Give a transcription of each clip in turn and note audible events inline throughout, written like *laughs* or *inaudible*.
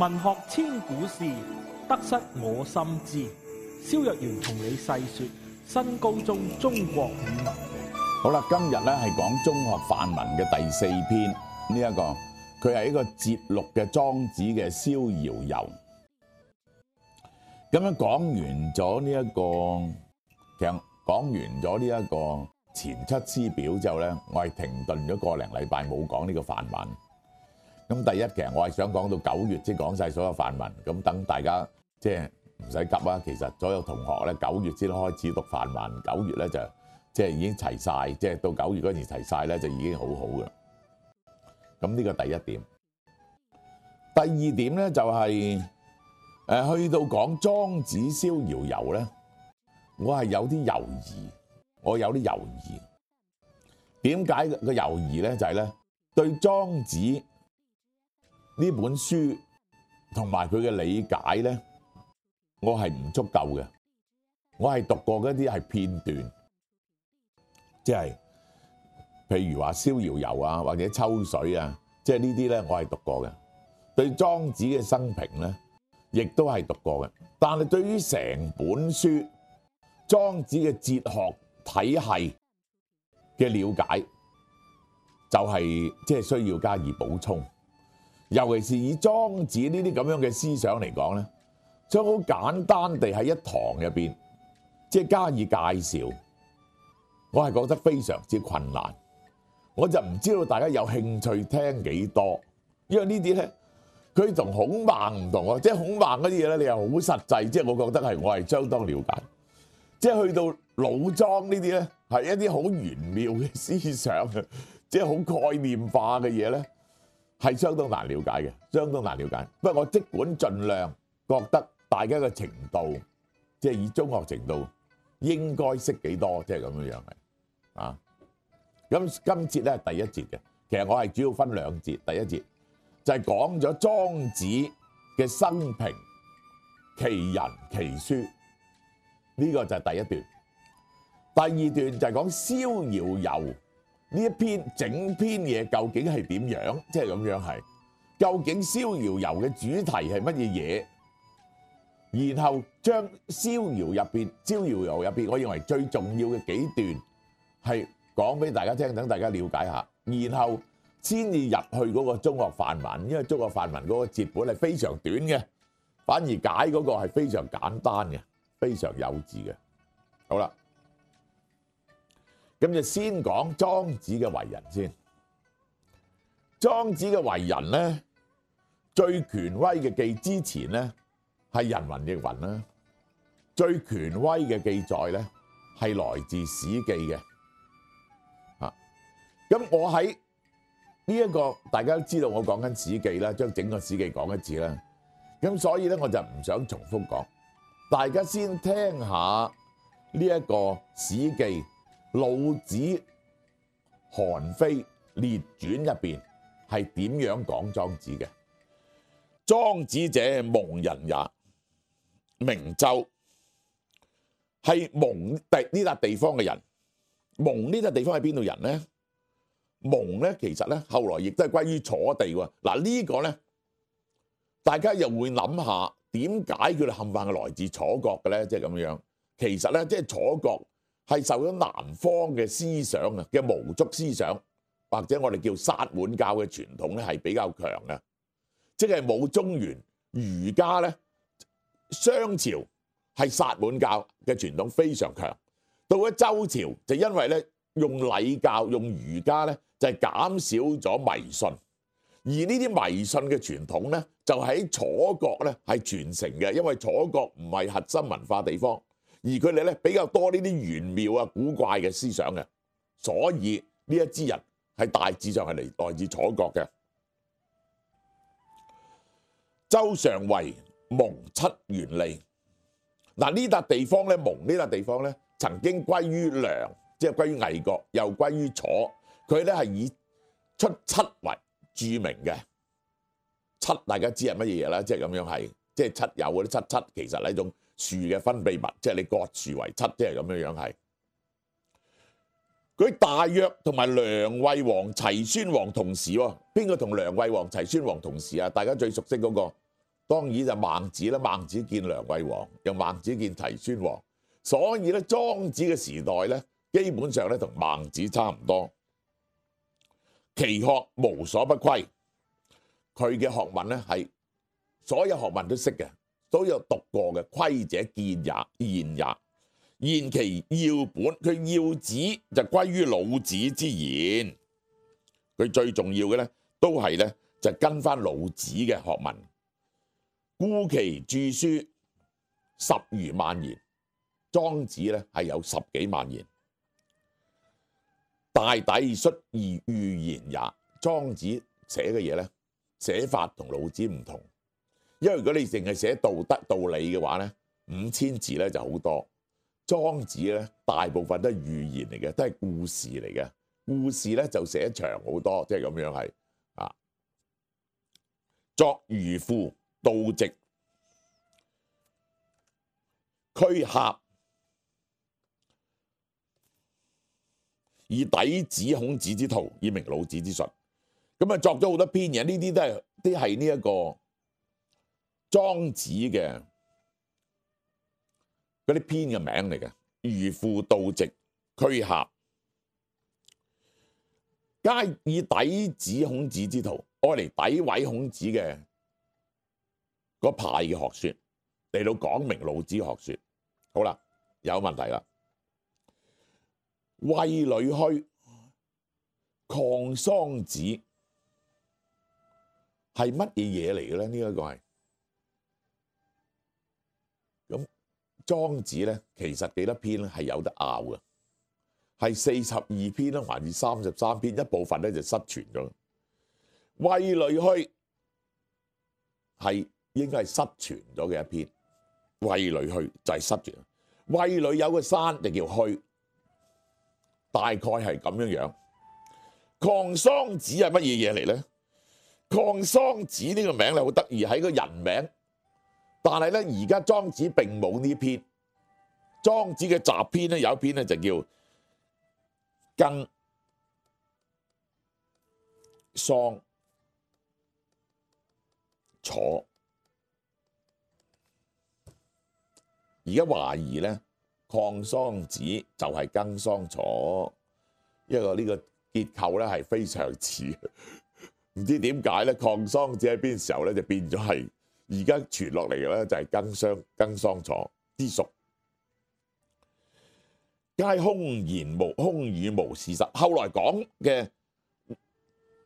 文學千古事，得失我心知。蕭若元同你細說新高中中國語文。好啦，今日咧係講中學範文嘅第四篇呢一個，佢係一個節錄嘅莊子嘅《逍遙遊》。咁樣講完咗呢一個，其實講完咗呢一個《前出師表》之後咧，我係停頓咗個零禮拜冇講呢個範文。咁第一其實我係想講到九月先講晒所有範文，咁等大家即係唔使急啊！其實所有同學咧九月先開始讀範文，九月咧就即係已經齊晒，即係到九月嗰陣齊晒咧就已經好好噶啦。咁呢個第一點，第二點咧就係、是、誒、呃、去到講莊子逍遙遊咧，我係有啲猶豫，我有啲猶豫。點解、這個猶豫咧就係、是、咧對莊子，呢本書同埋佢嘅理解咧，我係唔足夠嘅。我係讀過一啲係片段，即係譬如話《逍遙遊》啊，或者《秋水》啊，即係呢啲咧我係讀過嘅。對莊子嘅生平咧，亦都係讀過嘅。但係對於成本書莊子嘅哲學體系嘅了解，就係即係需要加以補充。尤其是以莊子呢啲咁樣嘅思想嚟講咧，將好簡單地喺一堂入邊，即係加以介紹，我係覺得非常之困難。我就唔知道大家有興趣聽幾多，因為呢啲咧，佢同孔孟唔同啊，即係孔孟嗰啲嘢咧，你又好實際，即係我覺得係我係相當了解。即係去到老莊呢啲咧，係一啲好玄妙嘅思想嘅，即係好概念化嘅嘢咧。係相當難了解嘅，相當難了解。不過我即管盡量覺得大家嘅程度，即係以中學程度應該識幾多，即係咁樣樣嘅啊。咁今節咧係第一節嘅，其實我係主要分兩節，第一節就係講咗莊子嘅生平，其人其書，呢個就係第一段。第二段就係講逍遙遊。呢一篇整篇嘢究竟係點樣？即係咁樣係，究竟《逍遙遊》嘅主題係乜嘢嘢？然後將《逍遙》入邊，《逍遙遊》入邊，我認為最重要嘅幾段係講俾大家聽，等大家了解一下，然後先至入去嗰個中學範文，因為中國範文嗰個節本係非常短嘅，反而解嗰個係非常簡單嘅，非常幼稚嘅。好啦。咁就先講莊子嘅為人先。莊子嘅為人咧，最權威嘅記之前咧係《人云亦云》啦，最權威嘅記載咧係來自《史記》嘅、啊。吓、這個，咁我喺呢一個大家都知道我講緊《史記》啦，將整個《史記》講一次啦。咁所以咧，我就唔想重複講，大家先聽一下呢一個《史記》。老子、韓非列傳入邊係點樣講莊子嘅？莊子者，蒙人也。明州係蒙地呢笪地方嘅人。蒙呢笪地方係邊度人咧？蒙咧，其實咧，後來亦都係歸於楚地喎。嗱，呢個咧，大家又會諗下點解佢哋冚唪唥係來自楚國嘅咧？即係咁樣。其實咧，即係楚國。係受咗南方嘅思想啊嘅巫祝思想，或者我哋叫薩滿教嘅傳統咧係比較強嘅，即係冇中原儒家咧，商朝係薩滿教嘅傳統非常強，到咗周朝就因為咧用禮教用儒家咧就係、是、減少咗迷信，而呢啲迷信嘅傳統咧就喺楚國咧係傳承嘅，因為楚國唔係核心文化地方。而佢哋咧比較多呢啲玄妙啊古怪嘅思想嘅，所以呢一支人係大致上係嚟來自楚國嘅。周嘗為蒙漆園吏，嗱呢笪地方咧蒙呢笪地方咧曾經歸於梁，即係歸於魏國，又歸於楚。佢咧係以出漆為著名嘅漆，大家知係乜嘢嘢啦？即係咁樣係，即係七有嗰啲七七，其實係一種。樹嘅分泌物，即係你割樹為七，即係咁樣樣係。佢大約同埋梁惠王、齊宣王同時喎，邊個同梁惠王、齊宣王同時啊？大家最熟悉嗰個，當然就孟子啦。孟子見梁惠王，又孟子見齊宣王，所以咧莊子嘅時代咧，基本上咧同孟子差唔多。其學無所不窺，佢嘅學問咧係所有學問都識嘅。都有讀過嘅，窺者見也，言也，然其要本，佢要旨就歸於老子之言。佢最重要嘅咧，都係咧就跟翻老子嘅學問。故其著書十餘萬言，莊子咧係有十幾萬言，大抵率而寓言也。莊子寫嘅嘢咧，寫法同老子唔同。因為如果你淨係寫道德道理嘅話咧，五千字咧就好多。莊子咧大部分都係寓言嚟嘅，都係故事嚟嘅。故事咧就寫長好多，即係咁樣係啊。作漁父、盜跖、胠篋，以詆訿孔子之徒，以明老子之術。咁啊，作咗好多篇嘢，呢啲都係啲係呢一個。莊子嘅嗰啲篇嘅名嚟嘅，漁父、盜跖、胠篋，皆以詆訿孔子之徒，愛嚟詆毀孔子嘅個派嘅學說，嚟到講明老子學說。好啦，有問題啦，畏累虛亢桑子係乜嘢嘢嚟嘅咧？呢一、這個係？莊子咧，其實幾多篇咧係有得拗嘅，係四十二篇啦，還是三十三篇，一部分咧就失傳咗。畏累虛係應該係失傳咗嘅一篇。畏累虛就係失傳，畏累有個山就叫虛，大概係咁樣樣。亢桑子係乜嘢嘢嚟咧？亢桑子呢個名咧好得意，係個人名。但係咧，而家莊子並冇呢篇。莊子嘅雜篇咧，有一篇咧就叫《庚桑楚》。而家懷疑咧，抗桑子就係庚桑楚，因為呢個結構咧係非常似。唔知點解咧，抗桑子喺邊時候咧就變咗係？而家傳落嚟嘅咧就係庚桑庚桑楚之屬，皆空言無空語無事實。後來講嘅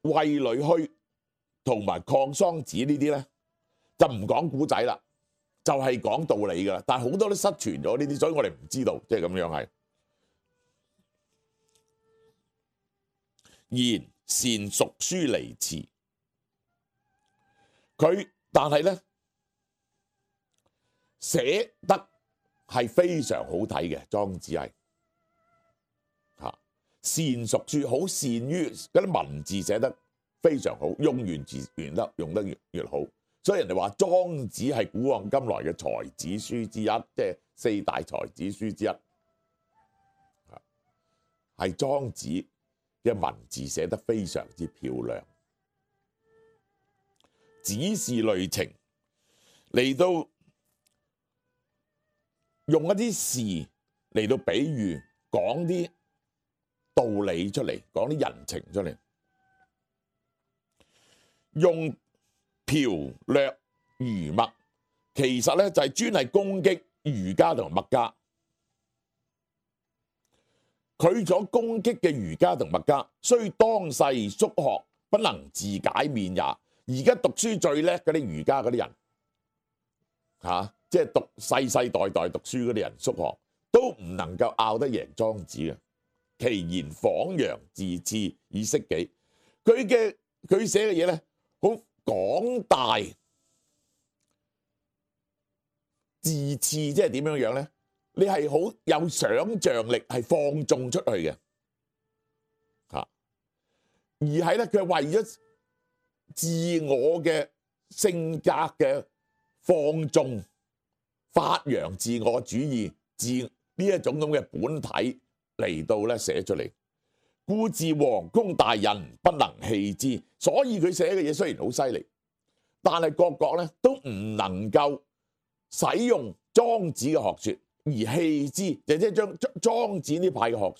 畏累虛同埋亢桑子呢啲咧，就唔講古仔啦，就係講道理噶啦。但係好多都失傳咗呢啲，所以我哋唔知道，即係咁樣係。然善屬書離辭，佢但係咧。寫得係非常好睇嘅莊子係嚇善熟書，好善於嗰啲文字寫得非常好，用完字完得用得越越好，所以人哋話莊子係古往今來嘅才子書之一，即係四大才子書之一啊，係莊子嘅文字寫得非常之漂亮，只是類情嚟到。用一啲事嚟到比喻，講啲道理出嚟，講啲人情出嚟，用剽剝儒墨，其實咧就係專係攻擊儒家同埋墨家。佢所攻擊嘅儒家同墨家，雖當世宿學不能自解免也。而家讀書最叻嗰啲儒家嗰啲人，吓、啊。即、就、係、是、讀，讀世世代代讀書嗰啲人，宿學都唔能夠拗得贏莊子嘅。其言洸洋自恣以適己，佢嘅佢寫嘅嘢咧好廣大，自恣即係點樣樣咧？你係好有想像力，係放縱出去嘅吓、啊，而係咧佢為咗自我嘅性格嘅放縱。發揚自我主義，自呢一種咁嘅本體嚟到咧寫出嚟，故自王公大人不能器之，所以佢寫嘅嘢雖然好犀利，但係各國咧都唔能夠使用莊子嘅學說而器之，就即係將莊莊子呢派嘅學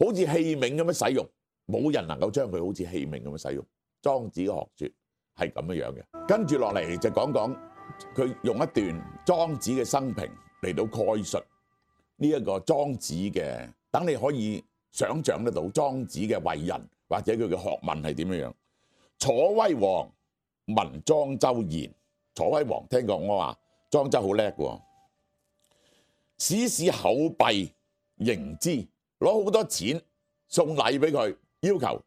說好似器皿咁樣使用，冇人能夠將佢好似器皿咁樣使用莊子嘅學說，係咁樣樣嘅，跟住落嚟就講講。佢用一段莊子嘅生平嚟到概述呢一個莊子嘅，等你可以想象得到莊子嘅為人或者佢嘅學問係點樣樣。楚威王聞莊周賢，楚威王聽講我話莊周好叻，使使厚幣迎之，攞好多錢送禮俾佢，要求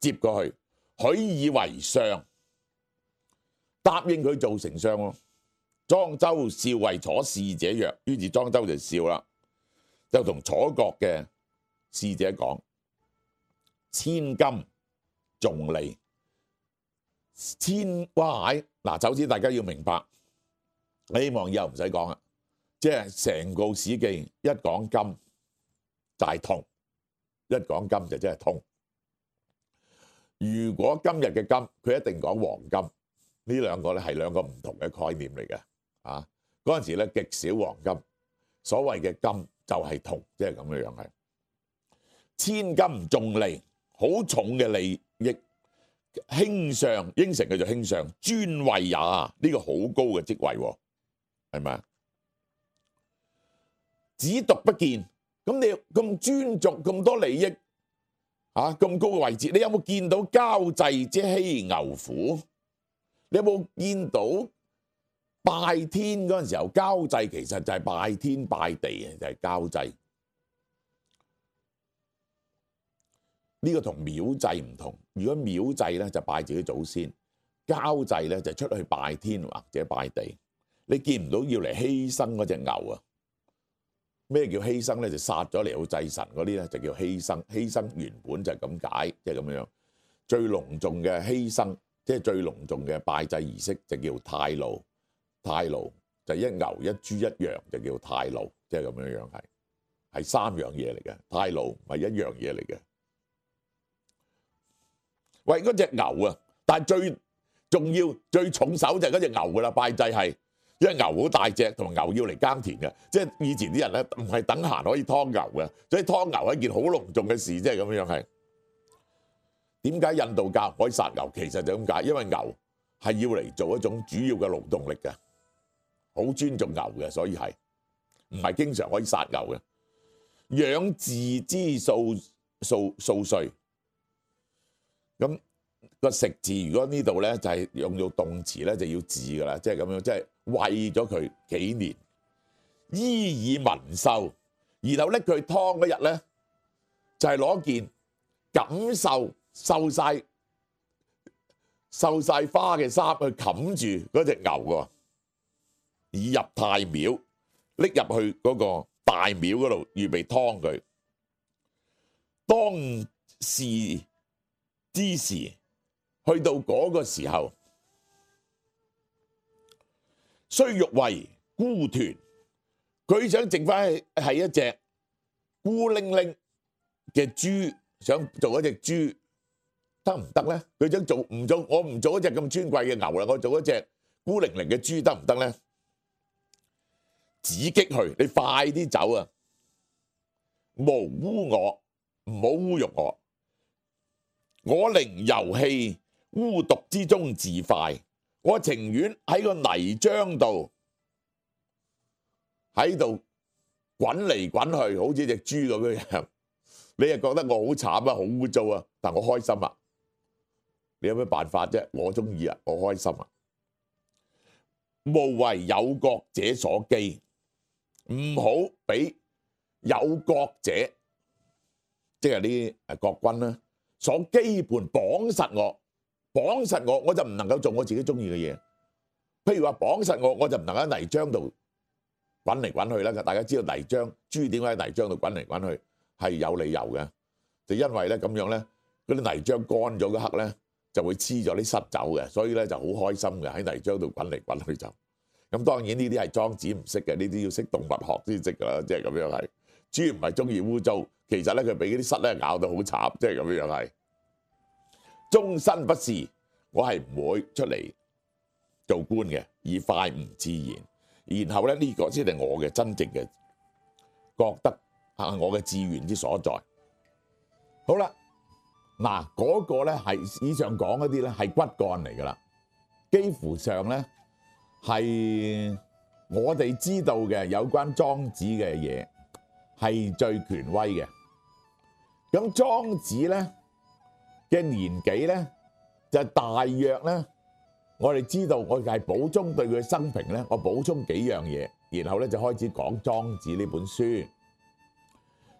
接過去，許以為上。答應佢做丞相咯，莊周笑謂楚使者曰，於是莊周就笑啦，就同楚國嘅使者講：千金重利，千蛙蟹。嗱，首先大家要明白，希望以後唔使講啦，即係成個史記一講金就係銅，一講金就真係銅。如果今日嘅金，佢一定講黃金。呢兩個咧係兩個唔同嘅概念嚟嘅啊！嗰陣時咧極少黃金，所謂嘅金就係銅，即係咁嘅樣係。千金重利，好重嘅利益。卿相應承佢就卿相，尊位也呢，這個好高嘅職位，啊，係咪子獨不見，咁你咁尊重咁多利益啊？咁高嘅位置，你有冇見到郊祭之犧牛乎？有冇見到拜天嗰陣時候郊祭其實就係拜天拜地啊，就係、是、郊祭。呢、這個同廟祭唔同。如果廟祭咧就拜自己祖先，郊祭咧就出去拜天或者拜地。你見唔到要嚟犧牲嗰隻牛啊？咩叫犧牲咧？就殺咗嚟好祭神嗰啲咧，就叫犧牲。犧牲原本就係咁解，即係咁樣。最隆重嘅犧牲。即係最隆重嘅拜祭儀式就叫太牢，太牢就一牛一豬一羊就叫太牢，即係咁樣樣係，係三樣嘢嚟嘅，太牢唔係一樣嘢嚟嘅。喂，嗰隻牛啊，但係最重要、最重手就係嗰隻牛噶啦，拜祭係因為牛好大隻，同埋牛要嚟耕田嘅，即係以前啲人咧唔係等閒可以劏牛嘅，所以劏牛係一件好隆重嘅事，即係咁樣樣係。點解印度教可以殺牛？其實就咁解，因為牛係要嚟做一種主要嘅勞動力嘅，好尊重牛嘅，所以係唔係經常可以殺牛嘅？養字之數數數歲，咁個食字如果呢度咧就係用作動詞咧就要字噶啦，即係咁樣，即係喂咗佢幾年，衣以文繡，然後拎佢劏嗰日咧就係攞件錦繡。收晒繡曬花嘅衫去冚住嗰隻牛喎，以入太廟，拎入去嗰個大廟嗰度預備劏佢。當是之時，去到嗰個時候，雖欲為孤豚，佢想剩翻係係一隻孤零零嘅豬，想做一隻豬，得唔得咧？佢想做唔做？我唔做一隻咁尊貴嘅牛啦，我做一隻孤零零嘅豬得唔得咧？指擊佢，你快啲走啊！無污我，唔好侮辱我。我寧游戲污瀆之中自快，我情願喺個泥漿度喺度滾嚟滾去，好似隻豬咁樣。你又覺得我好慘啊，好污糟啊，但我開心啊！你有咩辦法啫？我中意啊，我開心啊！無為有國者所羈，唔好俾有國者，即係啲誒國君啦，所基本綁實我，綁實我，我就唔能夠做我自己中意嘅嘢。譬如話綁實我，我就唔能夠喺泥漿度滾嚟滾去啦。大家知道泥漿豬點解喺泥漿度滾嚟滾去係有理由嘅，就因為咧咁樣咧，嗰啲泥漿乾咗嗰刻咧。就會黐咗啲虱走嘅，所以咧就好開心嘅喺泥漿度滾嚟滾去就咁。當然呢啲係莊子唔識嘅，呢啲要識動物學先識㗎啦，即係咁樣係。主要唔係中意污糟，其實咧佢俾啲虱咧咬到好慘，即係咁樣係。終身不仕，我係唔會出嚟做官嘅，以快吾志焉。然後咧呢個先係我嘅真正嘅覺得啊，係我嘅志願之所在。好啦。嗱，嗰個咧係以上講嗰啲咧係骨幹嚟㗎喇，幾乎上咧係我哋知道嘅有關莊子嘅嘢係最權威嘅。咁莊子咧嘅年紀咧就大約咧，我哋知道我係補充對佢嘅生平咧，我補充幾樣嘢，然後咧就開始講莊子呢本書。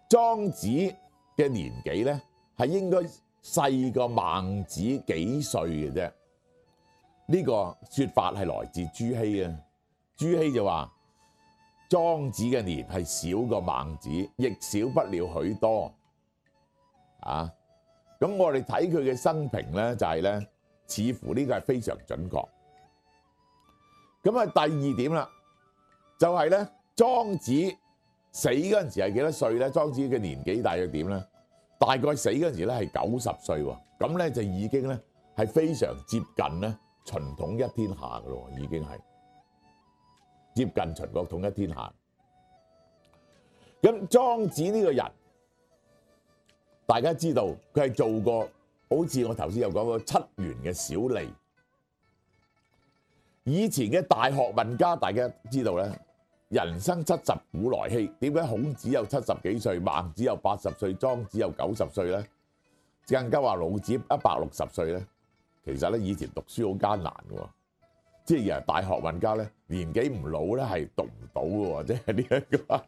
莊子嘅年紀咧係應該。細個孟子幾歲嘅啫？呢個說法係來自朱熹啊。朱熹就話莊子嘅年係少過孟子，亦少不了許多。啊，咁我哋睇佢嘅生平咧，就係咧，似乎呢個係非常準確。咁啊，第二點啦，就係咧，莊子死嗰陣時係幾多歲咧？莊子嘅年紀大約點咧？大概死嗰陣時咧，係九十歲喎，咁咧就已經咧係非常接近咧秦統一天下噶咯，已經係接近秦國統一天下。咁莊子呢個人，大家知道佢係做過，好似我頭先有講過漆園嘅小吏，以前嘅大學問家，大家知道咧。人生七十古來稀，點解孔子有七十幾歲，孟子有八十歲，莊子有九十歲咧？更加話老子一百六十歲咧，其實咧以前讀書好艱難嘅，即係人大學問家咧，年紀唔老咧係讀唔到嘅，即係呢一個，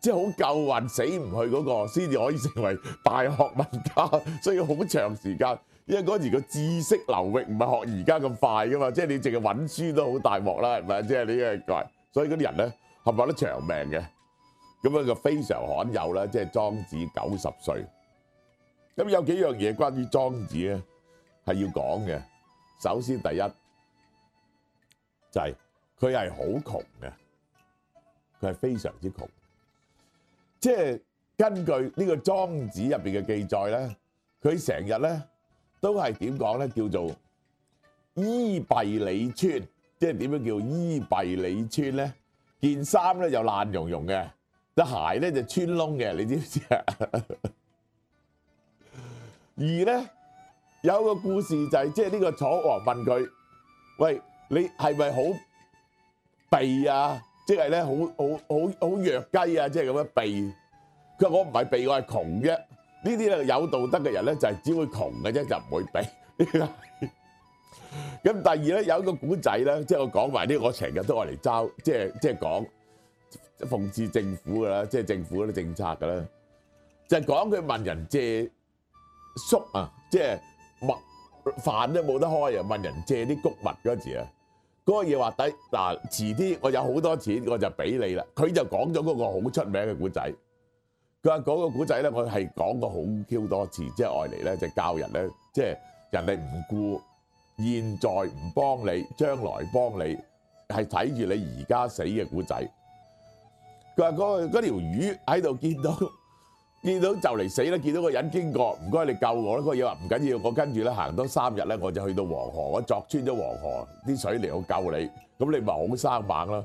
即係好夠運死唔去嗰、那個先至可以成為大學問家，所以好長時間，因為嗰時嘅知識流域唔係學而家咁快嘅嘛，即係你淨係揾書都好大鑊啦，係咪？即係呢一個，所以啲人咧。係咪得長命嘅，咁樣個非常罕有啦！即係莊子九十歲，咁有幾樣嘢關於莊子咧，係要講嘅。首先第一就係佢係好窮嘅，佢係非常之窮。即係根據呢個莊子入邊嘅記載咧，佢成日咧都係點講咧？叫做衣弊履穿，即係點樣叫衣弊履穿咧？件衫咧又爛溶溶嘅，隻鞋咧就穿窿嘅，你知唔知啊？而 *laughs* 咧有個故事就係即係呢個楚王問佢：喂，你係咪好避啊？即係咧好好好好弱雞啊！即係咁樣避。佢話：我唔係避，我係窮啫。呢啲咧有道德嘅人咧就係只會窮嘅啫，就唔會避。 *laughs* 咁第二咧有一個古仔咧，即係我講埋啲，我成日都愛嚟嘲，即係即係講諷刺政府噶啦，即係政府嗰啲政策噶啦，就係講佢問人借粟啊，即係麥飯都冇得開啊，問人借啲谷物嗰時啊，嗰個嘢話底嗱，遲啲我有好多錢，我就俾你啦。佢就講咗嗰個好出名嘅古仔，佢話嗰個古仔咧，我係講過好 Q 多次，即係愛嚟咧就教人咧，即係人哋唔顧。現在唔幫你，將來幫你係睇住你而家死嘅故仔。佢話嗰個嗰條魚喺度見到見到就嚟死啦，見到個人經過，唔該你救我啦。個嘢話，唔緊要，我跟住咧行多三日咧，我就去到黃河，我鑿穿咗黃河，啲水嚟我救你。咁你咪好生猛囉。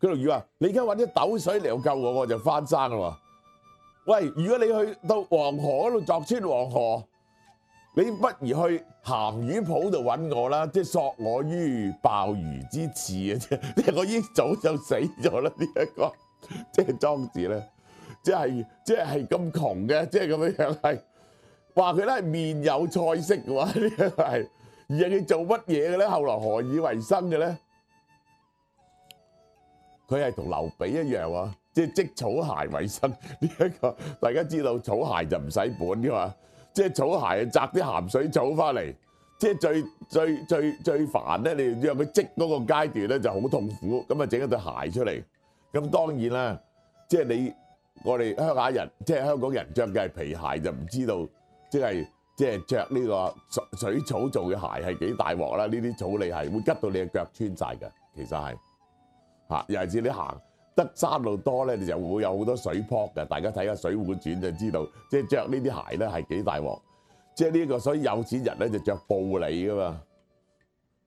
佢條魚話：你而家揾啲斗水嚟我救我，我就翻生喎。喂，如果你去到黃河嗰度鑿穿黃河，你不如去鹹魚鋪度揾我啦，即、就、係、是、索我於鮑魚之肆啊！即係我已經早就死咗啦，這個就是、呢一個即係莊子咧，即係即係咁窮嘅，即係咁樣樣係話佢咧面有菜色嘅話，這個、是是做什麼的呢一個係而係佢做乜嘢嘅咧？後來何以為生嘅咧？佢係同劉備一樣啊，即、就、係、是、織草鞋為生。呢、這、一個大家知道草鞋就唔使本噶嘛。即係草鞋，摘啲鹹水草翻嚟，即係最最最最煩咧！你唔知有冇織嗰個階段咧，就好痛苦。咁啊整一對鞋出嚟，咁當然啦，即係你我哋鄉下人，即係香港人著嘅係皮鞋，就唔知道即係即係著呢個水草做嘅鞋係幾大鑊啦！呢啲草你係會拮到你嘅腳穿曬嘅，其實係嚇，又係指你行。得山路多咧，你就會有好多水泡㗎。大家睇下《水滸傳》就知道，即係着呢啲鞋咧係幾大鑊。即係呢個，所以有錢人咧就着布嚟噶嘛，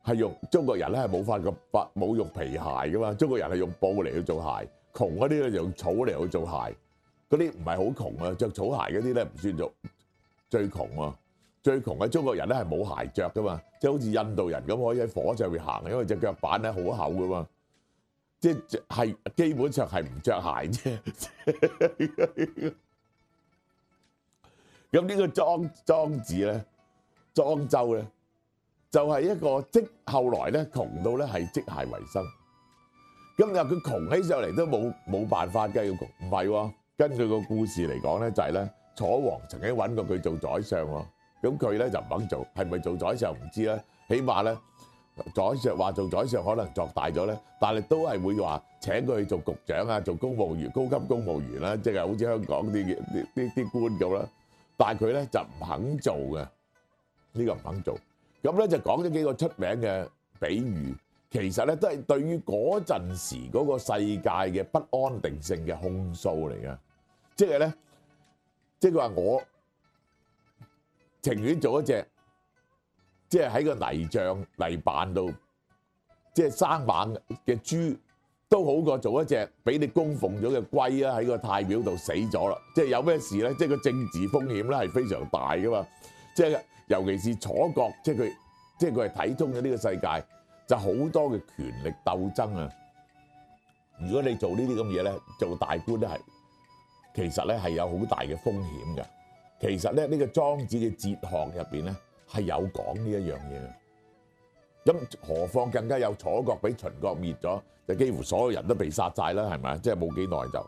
係用中國人咧係冇發個布，冇用皮鞋噶嘛。中國人係用布嚟去做鞋，窮嗰啲咧用草嚟去做鞋。嗰啲唔係好窮啊，着草鞋嗰啲咧唔算做最窮喎。最窮嘅、啊、中國人咧係冇鞋着噶嘛，即係好似印度人咁可以喺火上面行，因為隻腳板咧好厚噶嘛。即係基本上係唔着鞋啫。 *laughs* 咁呢個莊莊子咧，莊周咧，就係、是、一個即後來咧窮到咧係即鞋為生。咁又佢窮起上嚟都冇冇辦法梗係要窮，唔係、啊。根據個故事嚟講咧就係、是、咧，楚王曾經搵過佢做宰相喎。咁佢咧就唔肯做，係咪做宰相唔知啦。起碼咧。宰相話做宰相可能作大咗咧，但係都係會話請佢去做局長啊，做公務員、高級公務員啦，即係好似香港啲啲啲官咁啦。但係佢咧就唔肯做嘅，呢個唔肯做。咁咧就講咗幾個出名嘅比喻，其實咧都係對於嗰陣時嗰個世界嘅不安定性嘅控訴嚟嘅，即係咧，即係佢話我情願做一隻。即係喺個泥像泥板度，即係生猛嘅豬都好過做一隻俾你供奉咗嘅龜啊！喺個太廟度死咗啦。即係有咩事咧？即係個政治風險咧係非常大噶嘛。即係尤其是楚國，即係佢，即係佢係睇通咗呢個世界，就好、是、多嘅權力鬥爭啊。如果你做呢啲咁嘢咧，做大官都係，其實咧係有好大嘅風險嘅。其實咧呢、呢個莊子嘅哲學入邊咧。係有講呢一樣嘢嘅，咁何況更加有楚國俾秦國滅咗，就幾乎所有人都被殺曬啦，係咪啊？即係冇幾耐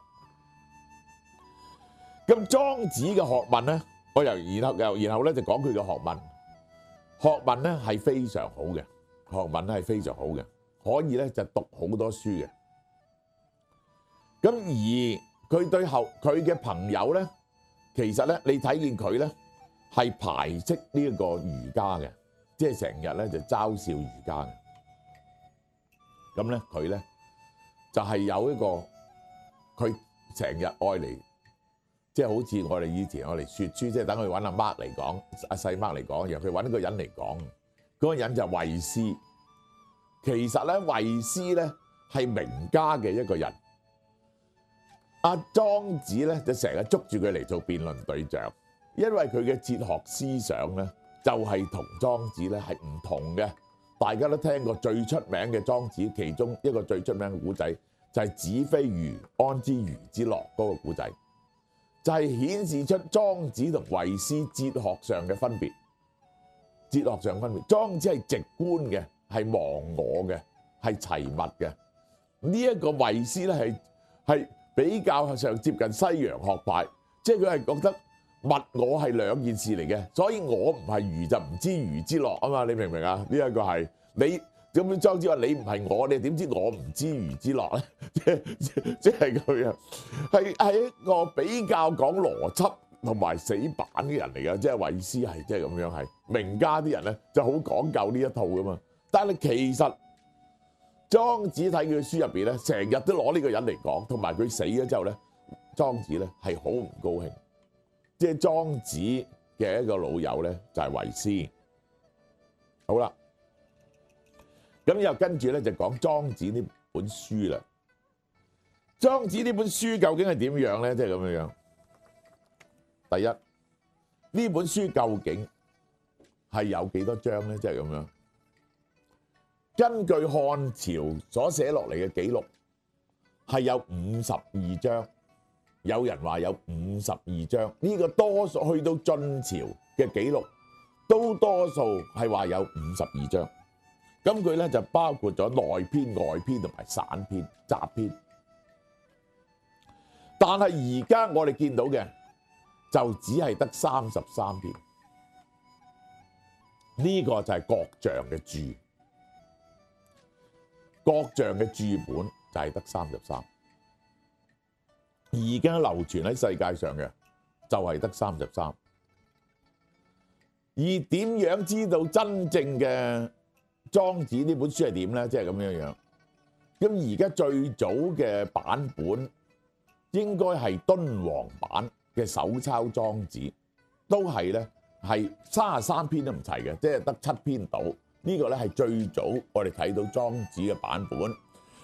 就。咁莊子嘅學問咧，我又然後又然後咧就講佢嘅學問，學問咧係非常好嘅，學問係非常好嘅，可以咧就讀好多書嘅。咁而佢對後佢嘅朋友咧，其實咧你睇見佢咧。係排斥這個的、就是、整呢一個儒家嘅，即係成日咧就嘲笑儒家嘅。咁咧佢咧就係、是、有一個，佢成日愛嚟，即、就、係、是、好似我哋以前我哋說書，即、就、係、是、等佢揾阿墨嚟講，阿細墨嚟講，然後佢揾一個人嚟講，嗰、那個人就係惠施。其實咧惠施咧係名家嘅一個人，阿、啊、莊子咧就成日捉住佢嚟做辯論對象。因為佢嘅哲學思想呢，就係同莊子呢係唔同嘅。大家都聽過最出名嘅莊子，其中一個最出名嘅古仔就係子非魚，安之知魚之樂嗰個古仔，就係顯示出莊子同惠施哲學上嘅分別。哲學上分別，莊子係直觀嘅，係忘我嘅，係齊物嘅。呢一個惠施呢，係係比較上接近西洋學派，即係佢係覺得。物我係兩件事嚟嘅。所以我唔係魚就唔知魚之樂啊嘛，你明唔明啊？呢、這、一個係你咁莊子話你唔係我，你點知我唔知魚之樂咧？即係即係咁樣，係、就、係、是、一個比較講邏輯同埋死板嘅人嚟噶，即係惠施係，即係咁樣係名家啲人咧就好講究呢一套噶嘛。但係其實莊子睇佢書入邊咧，成日都攞呢個人嚟講，同埋佢死咗之後咧，莊子咧係好唔高興。即係莊子嘅一個老友咧，就係惠施。好啦，咁又跟住咧就講莊子呢本書啦。莊子呢本書究竟係點樣咧？即係咁樣。第一，呢本書究竟係有幾多章咧？即係咁樣。根據漢朝所寫落嚟嘅記錄，係有五十二章。有人話有五十二章，呢個多數去到晉朝嘅記錄都多數係話有五十二章。咁佢咧就包括咗內篇、外篇同埋散篇、雜篇。但係而家我哋見到嘅就只係得三十三篇。呢個就係郭象嘅注，郭象嘅注本就係得三十三。而家流傳喺世界上嘅就係得三十三，而點樣知道真正嘅莊子呢本書係點咧？即係咁樣樣。咁而家最早嘅版本應該係敦煌版嘅手抄莊子，都係咧係三十三篇都唔齊嘅，即係得七篇到。呢個咧係最早我哋睇到莊子嘅版本。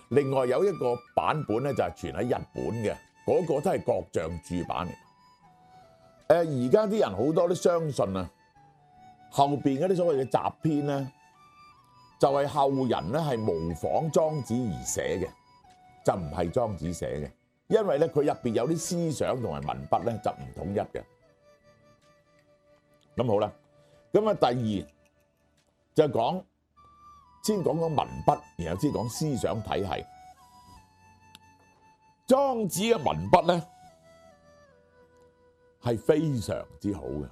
另外有一個版本咧就係傳喺日本嘅。嗰、那個都係郭象注版嚟，而家啲人好多都相信啊，後面嗰啲所謂嘅雜篇咧，就係後人咧係模仿莊子而寫嘅，就唔係莊子寫嘅，因為咧佢入面有啲思想同埋文筆咧就唔統一嘅。咁好啦，咁啊第二就係講，先講講文筆，然後先講思想體系。莊子嘅文筆咧係非常之好嘅，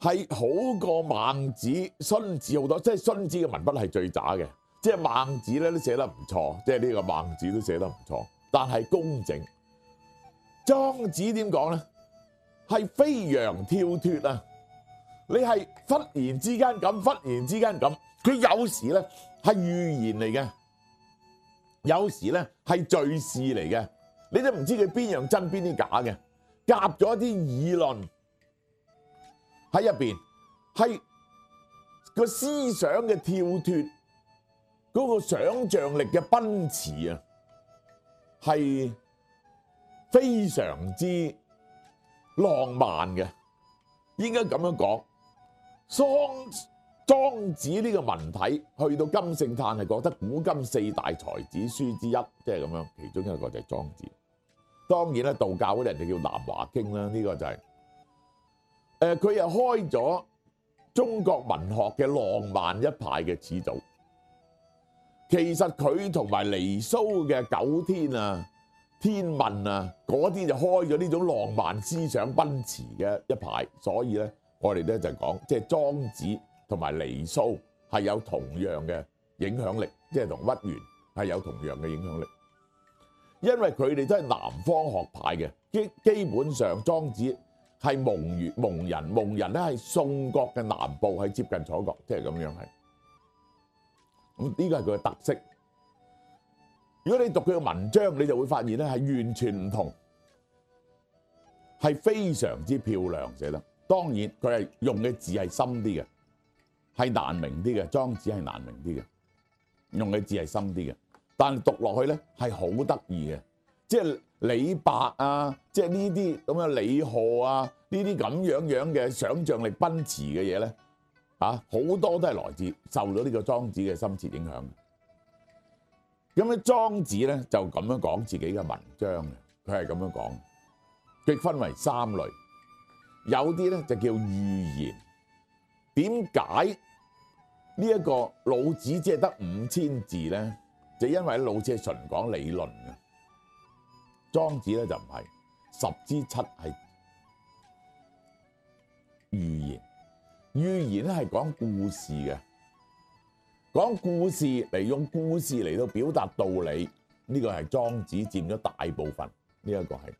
係好過孟子、荀子好多，即係荀子嘅文筆係最渣嘅，即係孟子咧都寫得唔錯，即係呢個孟子都寫得唔錯，但係工整，莊子點講咧？係飛揚跳脱啊！你係忽然之間咁，忽然之間咁，佢有時咧係寓言嚟嘅。有時咧係敘事嚟嘅，你都唔知佢邊樣真邊啲假嘅，夾咗啲議論喺入邊，係個思想嘅跳脱，嗰個想像力嘅奔馳啊，係非常之浪漫嘅，應該咁樣講。莊子呢個文體去到金聖嘆係覺得古今四大才子書之一，即係咁樣，其中一個就係莊子。當然啦，道教嗰啲人就叫南華經啦，呢、這個就係、是、誒，佢、呃、又開咗中國文學嘅浪漫一派嘅始祖。其實佢同埋離騷嘅九天啊、天問啊嗰啲就開咗呢種浪漫思想奔馳嘅一派，所以咧我哋咧就講即係莊子。同埋尼蘇係有同樣嘅影響力，即係同屈原係有同樣嘅影響力，因為佢哋都係南方學派嘅，基基本上莊子係蒙越蒙人，蒙人咧係宋國嘅南部，係接近楚國，即係咁樣係。咁呢個係佢嘅特色。如果你讀佢嘅文章，你就會發現咧係完全唔同，係非常之漂亮寫得。當然佢係用嘅字係深啲嘅。係難明啲嘅，莊子係難明啲嘅，用嘅字係深啲嘅，但係讀落去咧係好得意嘅，即係李白啊，即係呢啲咁樣李賀啊，呢啲咁樣樣嘅想象力奔馳嘅嘢咧，啊好多都係來自受咗呢個莊子嘅深切影響。咁樣莊子咧就咁樣講自己嘅文章嘅，佢係咁樣講，佢分為三類，有啲咧就叫寓言。點解呢一個老子只係得五千字咧？就因為老子係純講理論嘅。莊子咧就唔係，十之七係寓言，寓言係講故事嘅，講故事嚟用故事嚟到表達道理。呢、這個係莊子佔咗大部分呢一、這個係。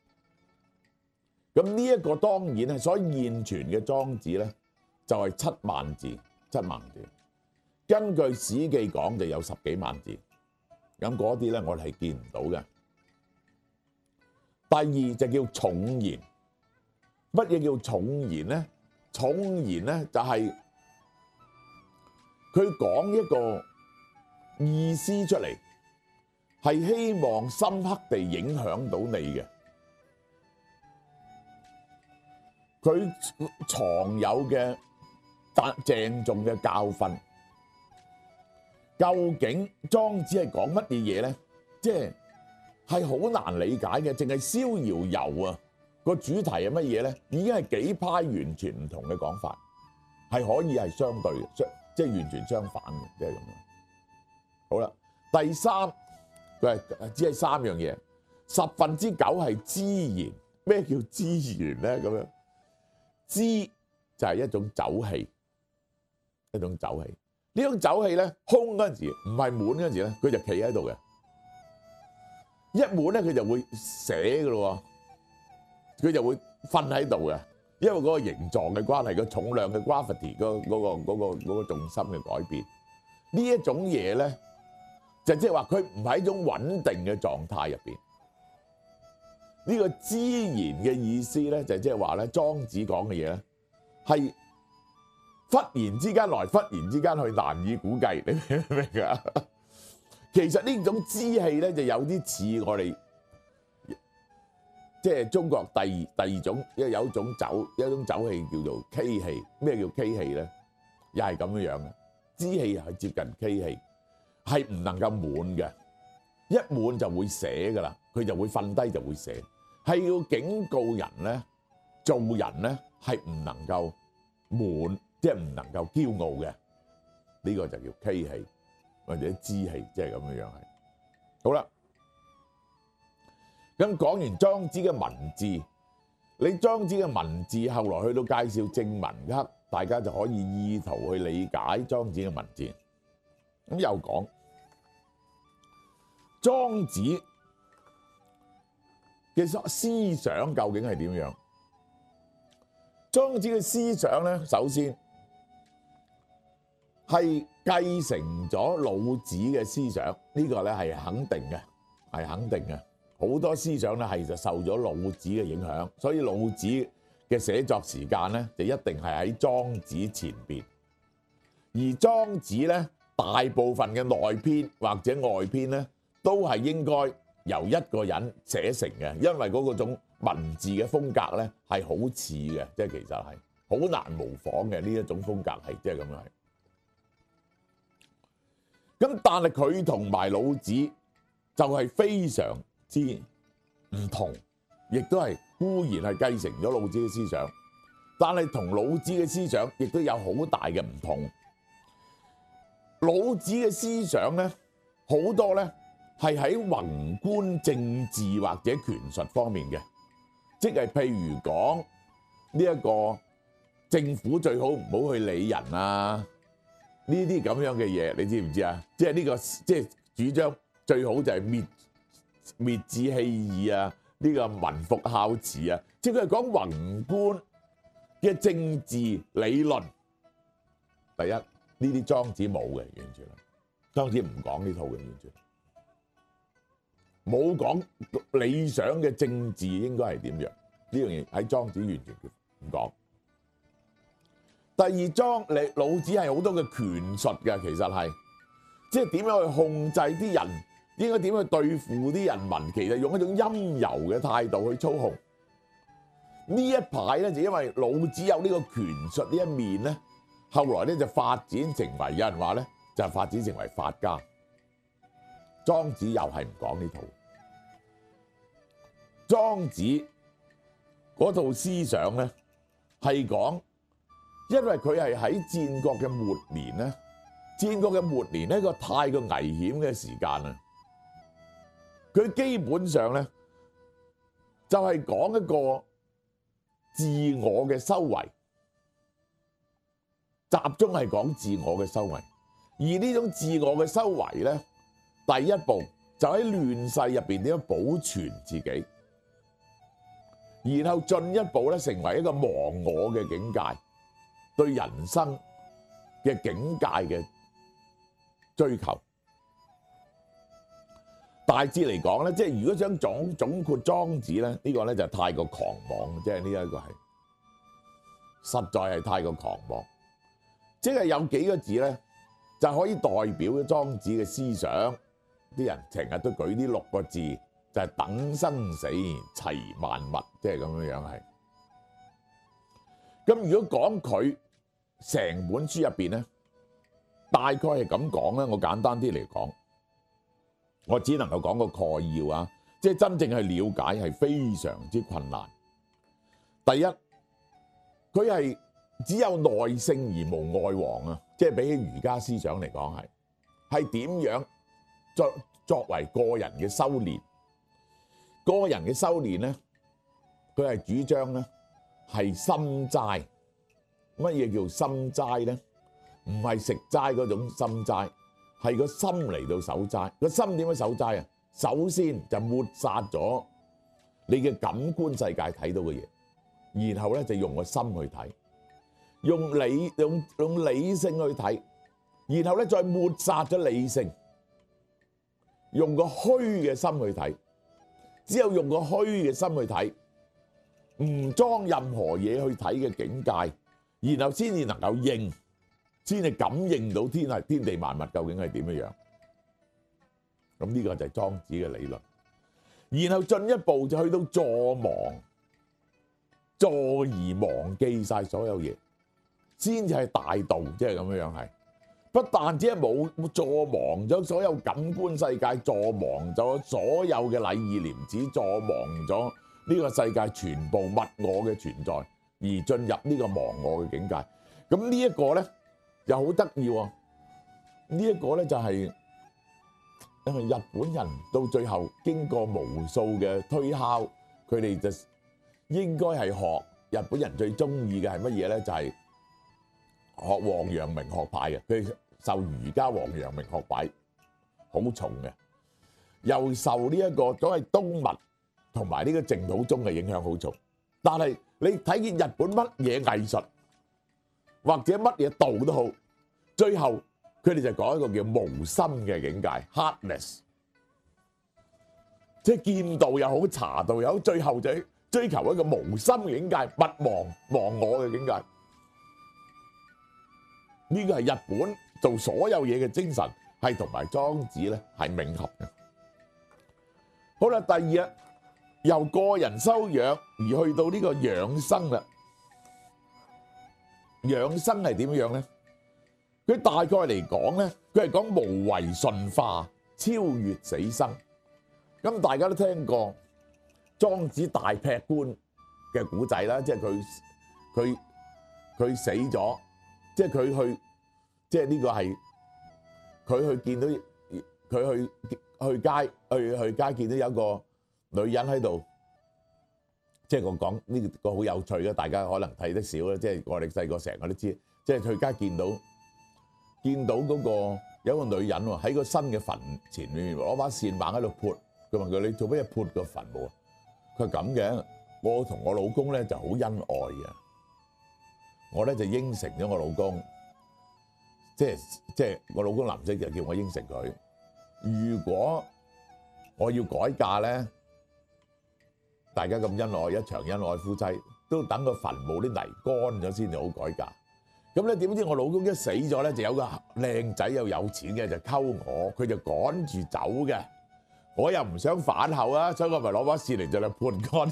咁呢一個當然係，所以現存嘅莊子咧。就係七萬字，七萬字。根據史記講就有十幾萬字，咁嗰啲咧我哋係見唔到嘅。第二就叫重言，乜嘢叫重言咧？重言咧就係佢講一個意思出嚟，係希望深刻地影響到你嘅，佢藏有嘅鄭重嘅教訓，究竟莊子係講乜嘢嘢咧？即係係好難理解嘅，淨係逍遙遊啊個主題係乜嘢咧？已經係幾派完全唔同嘅講法，係可以係相對嘅，即即係完全相反嘅，即係咁樣。好啦，第三佢係只係三樣嘢，十分之九係卮言。咩叫卮言咧？咁樣，卮就係一種酒器。一種酒器，呢種酒器咧，空嗰陣時唔係滿嗰陣時咧，佢就企喺度嘅。一滿咧，佢就會瀉噶咯，佢就會瞓喺度嘅。因為嗰個形狀嘅關係，個重量嘅 gravity，個嗰個嗰個嗰個重心嘅改變，呢一種嘢咧，就即係話佢唔係一種穩定嘅狀態入邊。呢個自然嘅意思咧，就即係話咧，莊子講嘅嘢咧，係。忽然之間來，忽然之間去，難以估計。你明唔明啊？其實呢種支氣咧，就有啲似我哋即係中國第二第二種，有有種酒，一種酒氣叫做 K 氣。咩叫 K 氣咧？又係咁樣樣嘅支氣係接近 K 氣，係唔能夠滿嘅，一滿就會瀉噶啦，佢就會瞓低就會瀉。係要警告人咧，做人咧係唔能夠滿。即係唔能夠驕傲嘅，呢個就叫 k 氣或者支氣，即係咁樣係。好啦，咁講完莊子嘅文字，你莊子嘅文字後來去到介紹正文一刻，大家就可以意圖去理解莊子嘅文字。咁又講莊子嘅思想究竟係點樣？莊子嘅思想咧，首先。係繼承咗老子嘅思想，呢個咧係肯定嘅，係肯定嘅。好多思想咧係就受咗老子嘅影響，所以老子嘅寫作時間咧就一定係喺莊子前邊。而莊子咧大部分嘅內篇或者外篇咧都係應該由一個人寫成嘅，因為嗰種文字嘅風格咧係好似嘅，即係其實係好難模仿嘅呢一種風格係，即係咁樣。咁但係佢同埋老子就係非常之唔同，亦都係固然係繼承咗老子嘅思想，但係同老子嘅思想亦都有好大嘅唔同。老子嘅思想咧，好多咧係喺宏觀政治或者權術方面嘅，即係譬如講呢一個政府最好唔好去理人啊。呢啲咁樣嘅嘢，你知唔知啊？即係呢、這個，即係主張最好就係滅滅智棄義啊，呢、這個民復孝慈啊，即係佢係講宏觀嘅政治理論。第一，呢啲莊子冇嘅，完全。莊子唔講呢套嘅，完全冇講理想嘅政治應該係點樣。呢樣嘢喺莊子完全唔講。第二章，你老子係好多嘅權術嘅，其實係即係點樣去控制啲人，應該點樣去對付啲人民，其實用一種陰柔嘅態度去操控。這一呢一排咧就因為老子有呢個權術呢一面咧，後來咧就發展成為有人話咧就發展成為法家。莊子又係唔講呢套，莊子嗰套思想咧係講。因為佢係喺戰國嘅末年咧，戰國嘅末年呢個太過危險嘅時間啦！佢基本上咧就係講一個自我嘅修為，集中係講自我嘅修為。而呢種自我嘅修為咧，第一步就喺亂世入邊點樣保存自己，然後進一步咧成為一個忘我嘅境界。對人生嘅境界嘅追求，大致嚟講咧，即係如果想總總括莊子咧，呢個咧就太過狂妄，即係呢一個係實在係太過狂妄。即係有幾個字咧，就可以代表莊子嘅思想。啲人成日都舉呢六個字，就係等生死齊萬物，即係咁樣樣係。咁如果講佢。成本書入邊咧，大概係咁講咧。我簡單啲嚟講，我只能夠講個概要啊。即係真正係了解係非常之困難。第一，佢係只有內聖而無外王啊。即係比起儒家思想嚟講，係係點樣作作為個人嘅修練？個人嘅修練咧，佢係主張咧係心齋。乜嘢叫心齋咧？唔係食齋嗰種心齋，係個心嚟到守齋。個心點樣守齋啊？首先就抹殺咗你嘅感官世界睇到嘅嘢，然後咧就用個心去睇，用理用用理性去睇，然後咧再抹殺咗理性，用個虛嘅心去睇。只有用個虛嘅心去睇，唔裝任何嘢去睇嘅境界。然後先至能夠認，先至感應到天下天地萬物究竟係點樣樣。咁呢個就係莊子嘅理論。然後進一步就去到坐忘，坐而忘記晒所有嘢，先至係大道，即係咁樣樣係。不但只係冇坐忘咗所有感官世界，坐忘咗所有嘅禮義廉恥，坐忘咗呢個世界全部物我嘅存在。而進入呢個忘我嘅境界，咁呢一個咧又好得意喎，呢一個咧就係因為日本人到最後經過無數嘅推敲，佢哋就應該係學日本人最中意嘅係乜嘢咧？就係學王陽明學派嘅，佢受儒家王陽明學派好重嘅，又受呢一個所謂東密同埋呢個淨土宗嘅影響好重，但係。你睇見日本乜嘢藝術，或者乜嘢道都好，最後佢哋就講一個叫無心嘅境界，heartless，即係見道又好，茶道又好，最後就追求一個無心嘅境界，不忘忘我嘅境界。呢個係日本做所有嘢嘅精神，係同埋莊子咧係冥合嘅。好啦，第二日。由個人修養而去到呢個養生啦，養生係點樣呢？佢大概嚟講呢，佢係講無為順化、超越死生。咁大家都聽過莊子大劈棺嘅古仔，即係佢佢佢死咗，即係佢去，即係呢個係佢去見到佢去去街見到有一個女人喺度，即係我講呢個好有趣啦，大家可能睇得少啦，即係我哋細個成日都知，即係佢而家見到見到嗰個有一個女人喎，喺個新嘅墳前裏面，攞把扇板喺度潑，佢問佢：你做咩潑個墳墓啊？佢咁嘅，我同我老公咧就好恩愛嘅，我咧就應承咗我老公，即係即係我老公臨死就叫我應承佢，如果我要改嫁咧。大家咁恩愛，一場恩愛夫妻都等個墳墓啲泥乾咗先至好改嫁。咁咧點知我老公一死咗咧，就有個靚仔又有錢嘅就溝我，佢就趕住走嘅。我又唔想反口啊，所以我咪攞把扇嚟就嚟判乾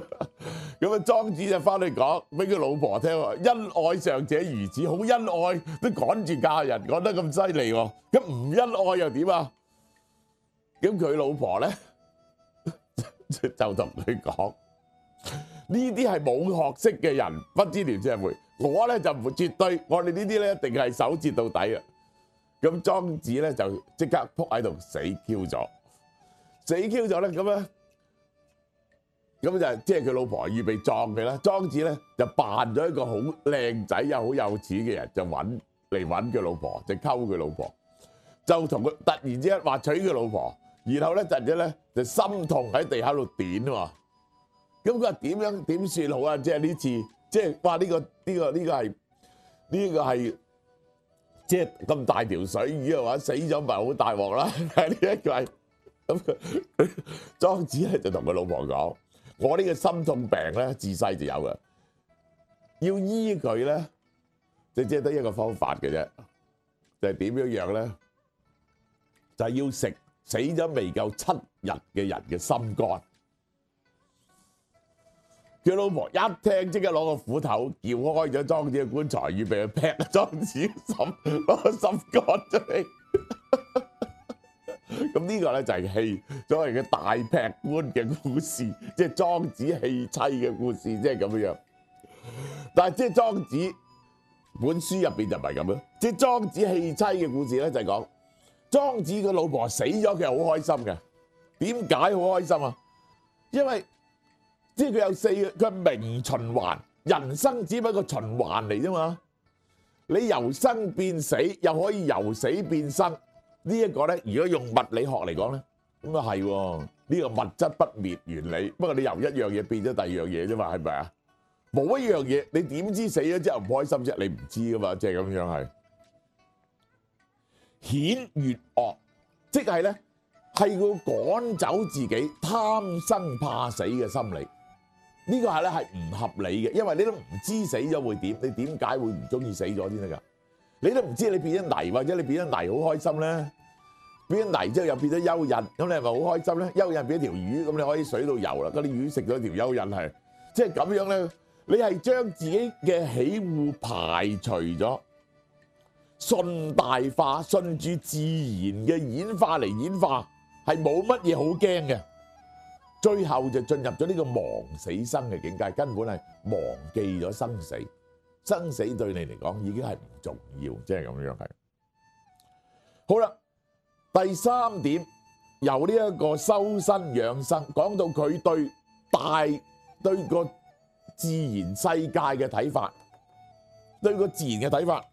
啲泥。咁啊，莊子就翻去講俾佢老婆聽喎，恩愛上者如此，好恩愛都趕住嫁人，講得咁犀利喎。咁唔恩愛又點啊？咁佢老婆咧就同佢講：呢啲係冇學識嘅人，不知廉恥啊！會我咧就唔絕對，我哋呢啲咧一定係守節到底啊！咁莊子咧就即刻仆喺度死叫咗，死叫咗咧咁樣。咁就即係佢老婆預備撞佢啦。莊子咧就扮咗一個好靚仔又好有錢嘅人，就揾嚟揾佢老婆，就溝佢老婆，就同佢突然之間話娶佢老婆，然後咧陣間咧就心痛喺地下度點喎。咁佢話點樣點算好啊？即係呢次，即係哇！呢個呢個呢個係呢個係，即係咁大條水魚啊！哇！話死咗咪好大鑊啦！係呢一句。咁佢莊子咧就同佢老婆講。我呢個心痛病咧，自細就有嘅，要醫佢咧，就只係得一個方法嘅啫，就係點樣樣咧，就係要食死咗未夠七日嘅人嘅心肝。佢老婆一聽即刻攞個斧頭撬開咗莊子嘅棺材，要俾佢劈莊子心，攞個心肝出嚟。咁呢個咧就係戲所謂嘅大劈棺嘅故事，即係莊子棄妻嘅故事，即係咁樣樣。但係即係莊子本書入邊就唔係咁樣。即係莊子棄妻嘅故事咧，就係講莊子個老婆死咗，佢係好開心嘅。點解好開心啊？因為即係佢有四個，佢係命循環，人生只不過循環嚟啫嘛。你由生變死，又可以由死變生。這個、呢一個咧，如果用物理學嚟講咧，咁啊係喎，呢、這個物質不滅原理。不過你由一樣嘢變咗第二樣嘢啫嘛，係咪啊？冇一樣嘢，你點知死咗之後唔開心啫？你唔知噶嘛，即係咁樣係顯越惡，即係咧係佢趕走自己貪生怕死嘅心理。這個、呢個係咧係唔合理嘅，因為你都唔知死咗會點，你點解會唔中意死咗先得㗎？你都唔知你變咗泥或者你變咗泥好開心咧，變咗泥之後又變咗蚯蚓，咁你係咪好開心咧？蚯蚓變咗條魚，咁你可以水度遊啦。嗰啲魚食咗條蚯蚓係，即係咁樣咧，你係將自己嘅喜惡排除咗，順大化，順住自然嘅演化嚟演化，係冇乜嘢好驚嘅。最後就進入咗呢個忘死生嘅境界，根本係忘記咗生死。生死對你嚟講已經係唔重要，即係咁樣係。好啦，第三點由呢一個修身養生講到佢對大對個自然世界嘅睇法，對個自然嘅睇法，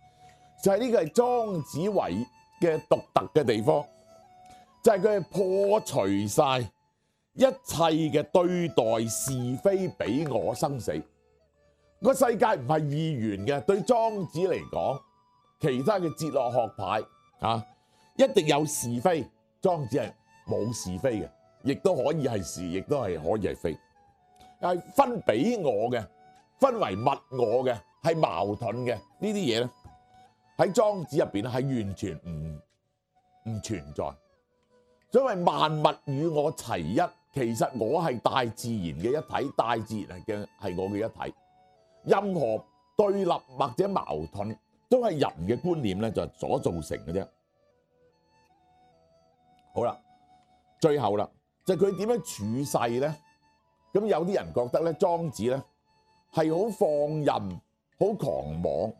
就係、是、呢個係莊子為嘅獨特嘅地方，就係佢係破除晒一切嘅對待是非，彼我生死。個世界唔係二元嘅。對莊子嚟講，其他嘅哲學學派啊，一定有是非。莊子係冇是非嘅，亦都可以係是，是，亦都係可以係非，係分俾我嘅，分為物我嘅，係矛盾嘅呢啲嘢咧，喺莊子入邊咧係完全唔唔存在。所謂萬物與我齊一，其實我係大自然嘅一體，大自然嘅係我嘅一體。任何對立或者矛盾都係人嘅觀念咧，就所造成嘅啫。好啦，最後啦，就佢點樣處世咧？咁有啲人覺得咧，莊子咧係好放任、好狂妄。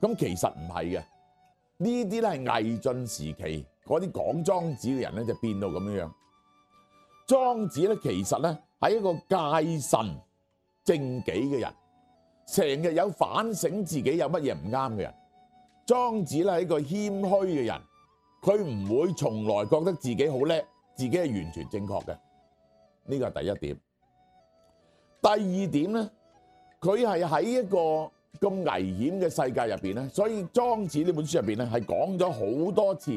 咁其實唔係嘅，呢啲咧係魏晉時期嗰啲講莊子嘅人咧，就變到咁樣樣。莊子咧其實咧係一個戒慎正己嘅人。成日有反省自己有乜嘢唔啱嘅人，莊子啦，係一個謙虛嘅人，佢唔會從來覺得自己好叻，自己係完全正確嘅，呢個係第一點。第二點咧，佢係喺一個咁危險嘅世界入邊咧，所以莊子呢本書入邊咧係講咗好多次，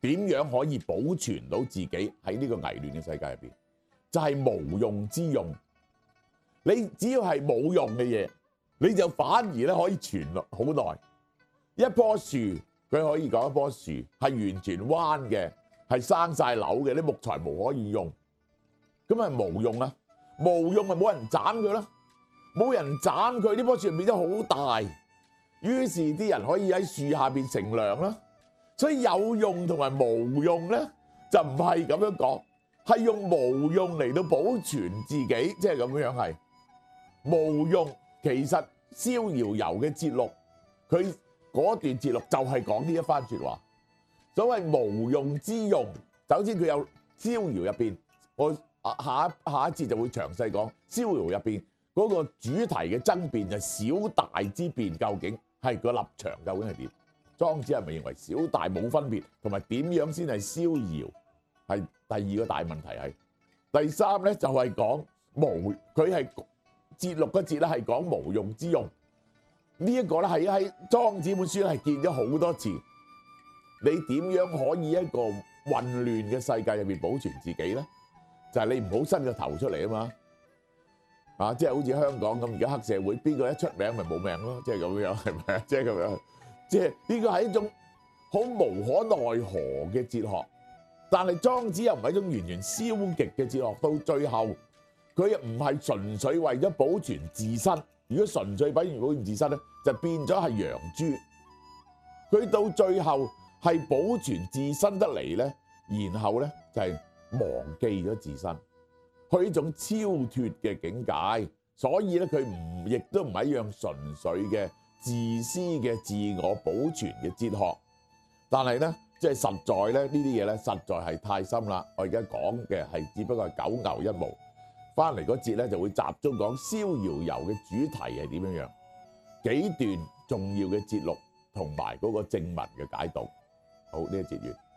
點樣可以保存到自己喺呢個危亂嘅世界入邊，就係無用之用。你只要係冇用嘅嘢，你就反而咧可以存落好耐。一棵樹，佢可以講一棵樹係完全彎嘅，係生晒瘤嘅，啲木材冇可以用，咁係冇用啦，冇用咪冇人斬佢咯，冇人斬佢，呢棵樹變咗好大，於是啲人可以喺樹下邊乘涼啦。所以有用同埋無用咧，就唔係咁樣講，係用無用嚟到保存自己，即係咁樣係。無用，其實逍遙遊嘅節錄，佢嗰段節錄就係講呢一番說話。所謂無用之用，首先佢有逍遙入邊，我下下下一節就會詳細講逍遙入邊嗰個主題嘅爭辯，就小大之辯，究竟係個立場究竟係點？莊子係咪認為小大冇分別，同埋點樣先係逍遙？係第二個大問題係，第三咧就係講無，佢係。節六個節咧係講無用之用，呢一個咧係喺莊子本書係見咗好多次。你點樣可以一個混亂嘅世界入邊保存自己咧？就係你唔好伸咗頭出嚟啊嘛！啊，即係好似香港咁，而家黑社會邊個一出名咪冇命咯？即係咁樣係咪啊？即係咁樣，即係呢個係一種好無可奈何嘅哲學。但係莊子又唔係一種完全消極嘅哲學，到最後。佢唔係純粹為咗保存自身，如果純粹品如保存自身咧，就變咗係養豬。佢到最後係保存自身得嚟咧，然後咧就係、是、忘記咗自身，去一種超脱嘅境界。所以咧，佢唔亦都唔係一樣純粹嘅自私嘅自我保存嘅哲學。但係咧，即、就、係、是、實在咧，呢啲嘢咧，實在係太深啦。我而家講嘅係只不過係九牛一毛。翻嚟嗰節咧就會集中講《逍遙遊》嘅主題係點樣樣，幾段重要嘅節錄同埋嗰個正文嘅解讀。好，呢一節完。